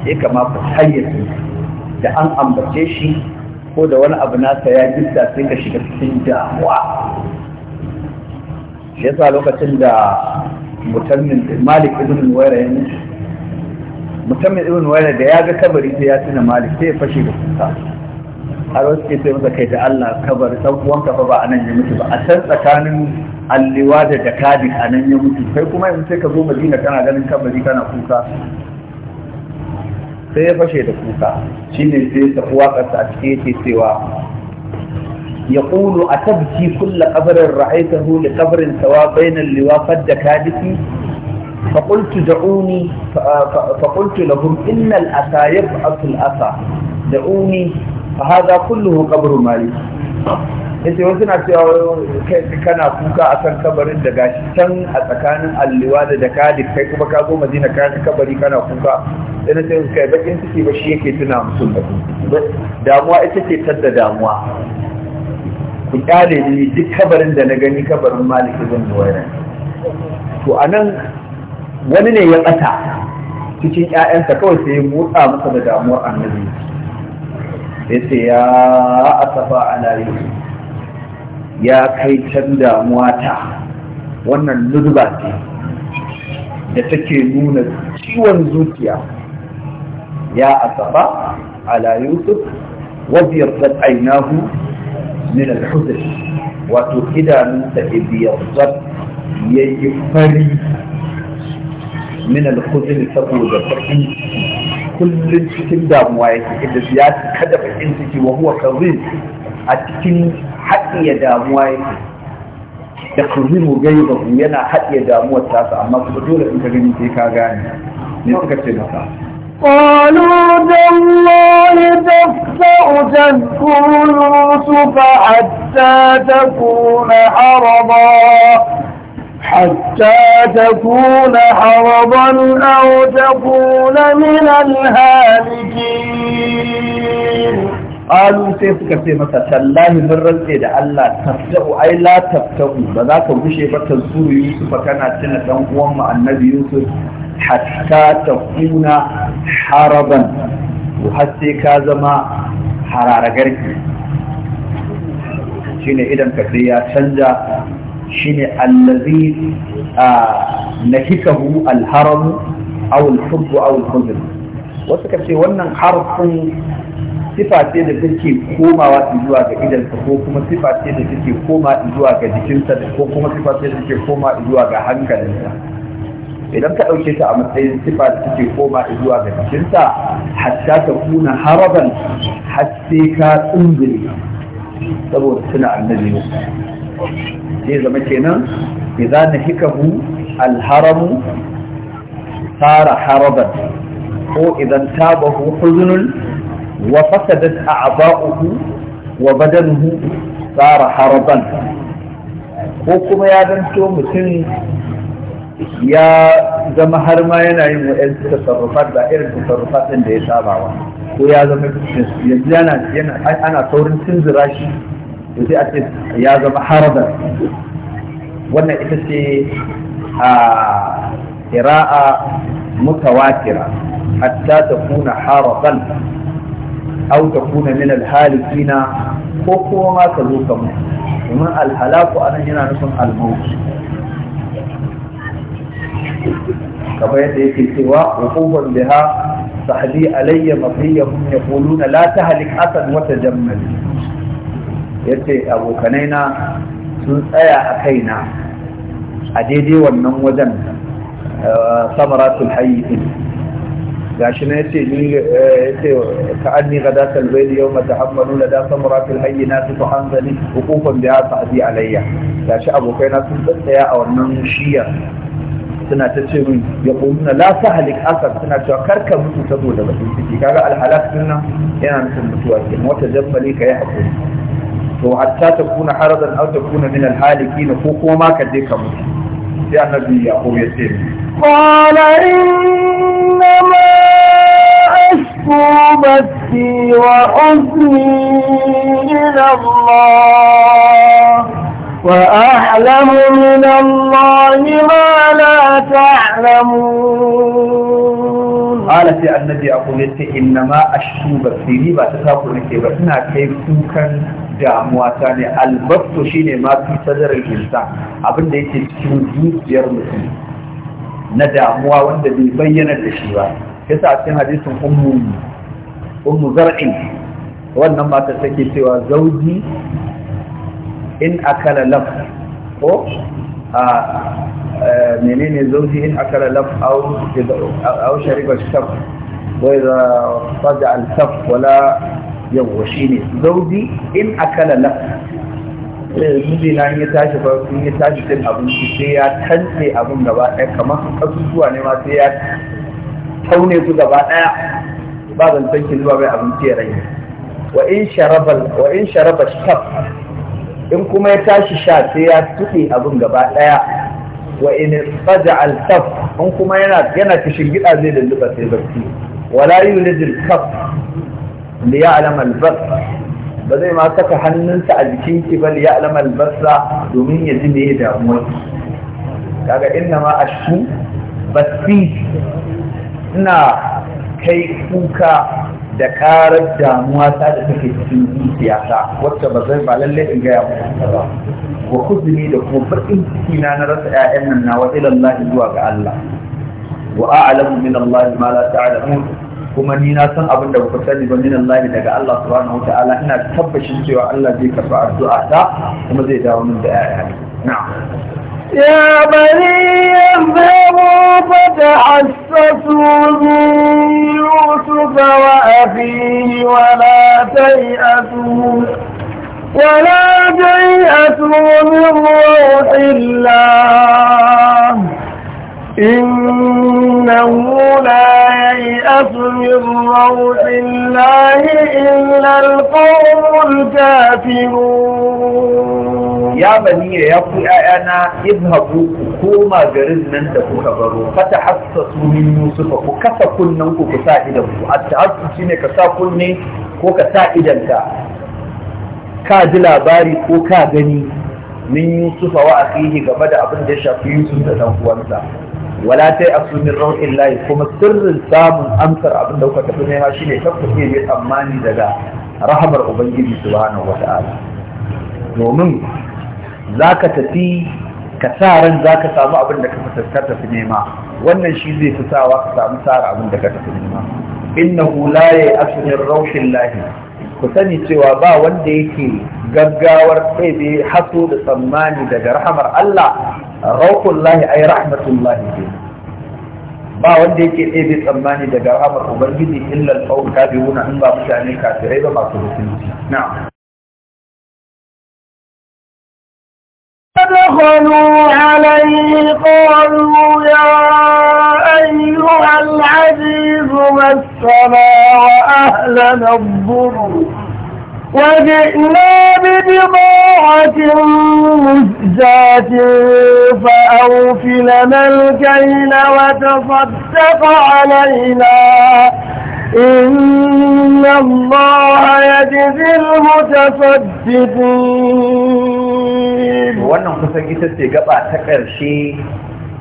sai kamata hayyacin da an ambace shi ko da wani abu nasa ya gista sai ka shiga cikin damuwa shi yasa lokacin da mutumin malik ibn waira ya mutu musamman ibn wayla da ya ga kabari sai ya tuna malik sai ya fashe da kuka har wasu ke sai masa kai da Allah kabari san uwanka kafa ba anan ya mutu ba a san tsakanin alliwa da jakadi anan ya mutu kai kuma in sai ka zo madina kana ganin kabari kana kuka sai ya fashe da kuka shine sai ta waƙarsa a cikin yake cewa يقول أتبكي كل قبر رأيته لقبر سواء بين اللواء قد كادتي فقلت دعوني فقلت لهم إن الأسى يبعث الأسى دعوني فهذا كله قبر مالك yace wasu na cewa kana kuka a kan kabarin da gashi can a tsakanin alliwa da jakadi kai kuma ka zo madina ka ci kabari kana kuka sai na sai kai bakin ciki ba shi yake tuna musu da damuwa ita ce tadda damuwa ku kyale ni duk kabarin da na gani kabarin maliki zan yi wairan to anan wani ne ya ɓata cikin ƴaƴansa kawai sai ya motsa masa da damuwar annabi ya ya asafa ala ya kai can damuwa ta wannan nuduba ce da take nuna ciwon zuciya ya asafa ala yusuf wabiyar ainahu min al wato idanunsa ibiyar yayi fari من الخزي الفطوج الفطوج كل سكين داب موايك إذا زياد كدف إنسكي وهو كظيم أتكين حق يدا موايك يقرزين وقيضة ينا حق يدا موتاسا أما تبدولة إنك جميل في كاغاني نسكة سنسا قالوا دالله تفتأ تذكر يوسف حتى تكون حرباً حتى تكون حرضا أو تكون من الهالكين قالوا سيف كثير مثلا تالله من رزقه ده الله تفتأ أي لا تفتأ بذاك وشي فتنصور يوسف كان سنة أم النبي يوسف حتى تكون حربا وحتى كازما حرارة غرق شين إذا كثير يا shine allazi nahikahu alharam aw alhubbu aw alhuzn wasu ka ce wannan harfin sifa ce da take komawa zuwa ga idansa ko kuma sifa ce da take koma zuwa ga jikinsa ko kuma sifa ce da take koma zuwa ga hankalinsa idan ka ɗauke ta a matsayin sifa da take koma zuwa ga jikinsa hatta ta kuna haraban har sai ka tsundure saboda suna annabi zai zama kenan idza nahikahu alharamu sara haraban ko idan tabahu huzunun wa fasadat a'da'uhu wa badanuhu sara haraban ko kuma ya zanto mutum ya zama har ma yana yin waɗansu tasarrufat ba irin tasarrufat ɗin da ya saba ko ya zama yanzu yana ana saurin zira shi to sai a ce ya zama harabar wannan ita ce a ƙira'a mutawatira hatta ta kuna haraban au ta kuna min alhalikina ko kuma ma ka zo ka domin alhalaku anan yana nufin almauti kamar yadda yake cewa biha sahli alayya mafiya hum yaquluna la tahlik asan wa tajammal yace abokanai na sun tsaya a kaina a daidai wannan wajen samaratul hayyin gashi na yace ni yace ka anni gada yau ma tahammalu lada samaratul hayyinat fa anzali hukufan ta fa'di alayya gashi abokai na sun tsaya a wannan shiyar suna ta ce min ya kuma la sahalik asar suna cewa karka mutu saboda ba su ciki kaga alhalak din yana nufin mutuwa ke mota jabbali ka yi haƙuri وحتى تكون حرضا او تكون من الهالكين فوق وما كديك مت يا نبي يا ابو يسير قال انما اشكو بثي وحزني الى الله واعلم من الله ما لا تعلمون qala sai annabi abu ya ce inna ma ashu basiri ba ta taku nake ba ina kai kukan damuwa ta ne albabto shine ma fi sadarar abin da yake cikin zuciyar mutum na damuwa wanda bai bayyana da shi ba yasa a cikin hadisin ummu ummu zar'in wannan mata take cewa zauji in akala laf ko a ah, menene zauji in akala laf au shariba shaf Wai idza faɗi al saf wala yawa ne. zauji in akala laf miji na ya tashi ba in ya tashi cin abinci sai ya tantse abin gaba ɗaya kamar kasusuwa ne ma sai ya taune su gaba ɗaya ba zan tanki zuwa mai abinci ya rai wa in sharaba wa in sharaba shaf in kuma ya tashi sha sai ya tuɗe abin gaba ɗaya wa in tsaja altaf in kuma yana yana kishin gida zai lulluɓa sai barci wala yulidil kaf li ya'lam al ba zai ma saka hannunsa a jikinki ba li ya'lam al domin ya ji me damuwa kaga inna ma ashu basi ina kai kuka da karar damuwa ta da take cikin zuciyata wacce ba zai ba lalle in gaya muku ba wa kuzumi da kuma bakin ciki na na rasa ƴaƴan nan na wa ilallah zuwa ga Allah wa a'lamu min Allah ma la ta'lamun kuma ni na san abin da ku sani ba min Allah daga Allah subhanahu wata'ala ina tabbacin cewa Allah zai karɓi addu'a ta kuma zai dawo min da ƴaƴa na'am يا بني اذهبوا فتحسسوا من يوسف وأخيه ولا تيأسوا ولا تيأسوا من روح الله إنه لا ييأس من روح الله إلا القوم الكافرون ya bani ya ku ƴaƴana izhabu ku koma garin nan da kuka baro fata hassasu min yusufa ku kasa kunnen ku ku sa idan ku at-tahassu shine ka sa kunne ko ka sa idan ka ka ji labari ko ka gani min yusufa wa game da abin da ya shafi yusuf da dan uwansa wala ta yi asumin rau'in layi kuma sirrin samun amsar abin da kuka tafi nema shi ne ta kuke yi tsammani daga rahamar ubangiji subhanahu wa ta'ala domin za ka tafi ka sa ran za ka samu abin da ka tafi nema wannan shi zai fi sawa ka samu tsara abin da ka tafi nema hula ya yi asirin raushin lahi ku sani cewa ba wanda yake gaggawar ɗebe haso da tsammani daga rahamar Allah raukun lahi ai rahmatun lahi ke ba wanda yake ɗebe tsammani daga rahamar ubangiji illa alƙawun kafiruna in ba mutane kafirai ba masu hukunci na'am دخلوا عليه قالوا يا أيها العزيز مسنا وأهلنا الضر وجئنا ببضاعة مزجاة فأوفلنا الكيل وتصدق علينا إن الله يجزي المتصدقين wannan kusan ita ce gaɓa ta ƙarshe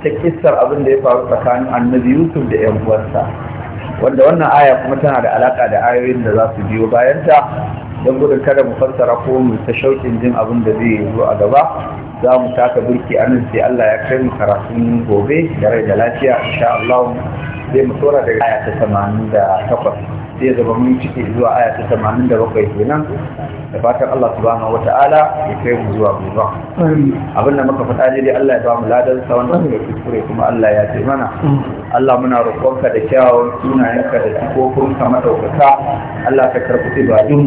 ta kissar abin da ya faru tsakanin annabi Yusuf da ‘yan uwansa wanda wannan aya kuma tana da alaƙa da ayoyin da za su biyo bayanta don gudun kada mu fassara ko mu ta shauƙin jin abin da zai zo a gaba za mu taka birki anan sai Allah ya kai mu karatun gobe da rai da lafiya insha Allah zai mu tsora daga aya ta 88 sai zama mun cike zuwa aya ta 87 kenan da fatan Allah subhanahu wata'ala ya kai mu zuwa gaba abin da muka faɗa dai Allah ya ba mu ladan sa wanda muka kuskure kuma Allah ya ce mana Allah muna roƙonka da kyawawan sunayenka da ka madaukaka Allah ka ba din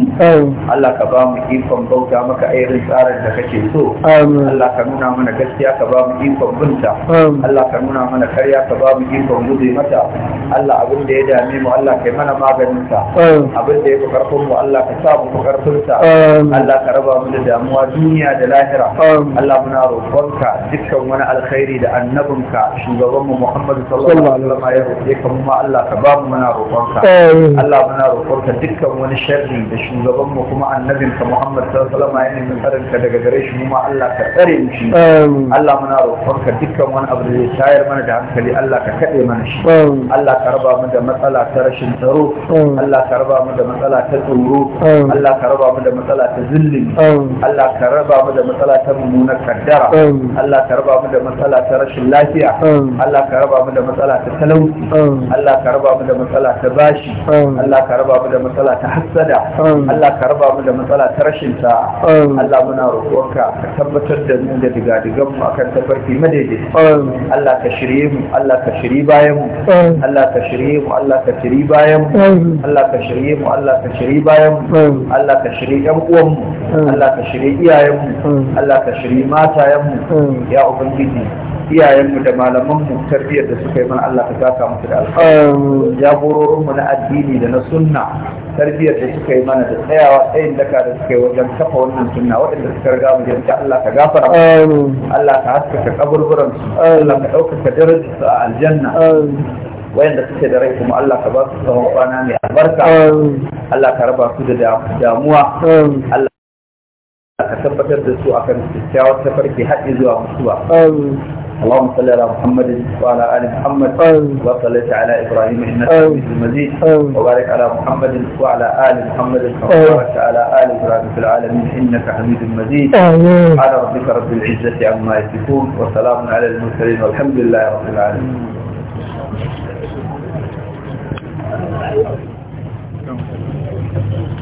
Allah ka ba mu ikon bauta maka a irin tsarin da kake so Allah ka nuna mana gaskiya ka ba mu ikon binta Allah ka nuna mana karya ka ba mu ikon gudu mata Allah abin da ya dame mu Allah kai mana maganin iyayensa abin da ya fi karfin mu Allah ka sa mu karfin sa Allah ka raba mu da damuwa duniya da lahira Allah muna roƙonka dukkan wani alkhairi da annabinka shugaban mu Muhammadu sallallahu alaihi wasallam ya roƙe ka mu ma Allah ka ba mu muna roƙonka Allah muna roƙonka dukkan wani sharri da shugaban mu kuma annabinka Muhammadu sallallahu alaihi wasallam ya nemi tsarinka daga gare shi mu ma Allah ka tsare mu shi Allah muna roƙonka dukkan wani abu da zai tayar mana da hankali Allah ka kaɗe mana shi Allah ka raba mu da matsala ta rashin tsaro Allah ka raba mu da matsala ta tsoro Allah ka raba mu da matsala ta zillin Allah ka raba mu da matsala ta mummunar kaddara Allah ka raba mu da matsala ta rashin lafiya Allah ka raba mu da matsala ta talauci Allah ka raba mu da matsala ta bashi Allah ka raba mu da matsala ta hassada Allah ka raba mu da matsala ta rashin sa'a Allah muna roƙonka ka tabbatar da mu da digadigan mu akan tafarki madaidai Allah ka shirye mu Allah ka shiri bayan mu Allah ka shirye mu Allah ka shiri bayan mu Allah ka shirye mu Allah ka shirye bayan hmm. Allah ka shirye ƴan uwan mu hmm. Allah ka shirye iyayen mu hmm. Allah ka shirye matayen mu ya ubangiji iyayen mu da malaman mu tarbiyyar da suka yi mana Allah ka saka musu da alƙawari jagororin mu na addini da na sunna tarbiyyar da suka yi mana da tsayawa tsayin daka da suka yi wajen kafa wannan sunna waɗanda suka riga mu da Allah ka gafara Allah ka haskaka kaburburan su Allah ka ɗaukaka darajarsu a aljanna wayanda suke da rai kuma Allah ka ba su tsawon kwana mai albarka Allah ka raba su da damuwa Allah ka tabbatar da su akan kyakkyawar tafarki haɗe zuwa mutuwa اللهم صل على محمد وعلى ال محمد وصليت على ابراهيم انك حميد مجيد وبارك على محمد وعلى ال محمد كما باركت على ال ابراهيم في العالمين انك حميد مجيد على ربك رب العزه عما يصفون وسلام على المرسلين والحمد لله رب العالمين Thank you.